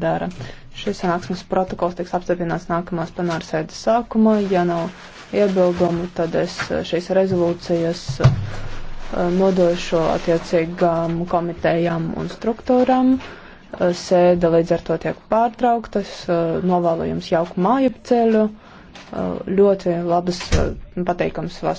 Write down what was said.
dara. Šis sanāksmes protokols tiks apstiprināts nākamās plenāras sēdes sākumā. Ja nav iebildumu, tad es šīs rezolūcijas eh, nodošu attiecīgām komitejām un struktūrām. Eh, sēde līdz ar to tiek pārtraukta. Es eh, novēlu jums jauku māju ceļu. Ļoti labas, pateikams vasaras.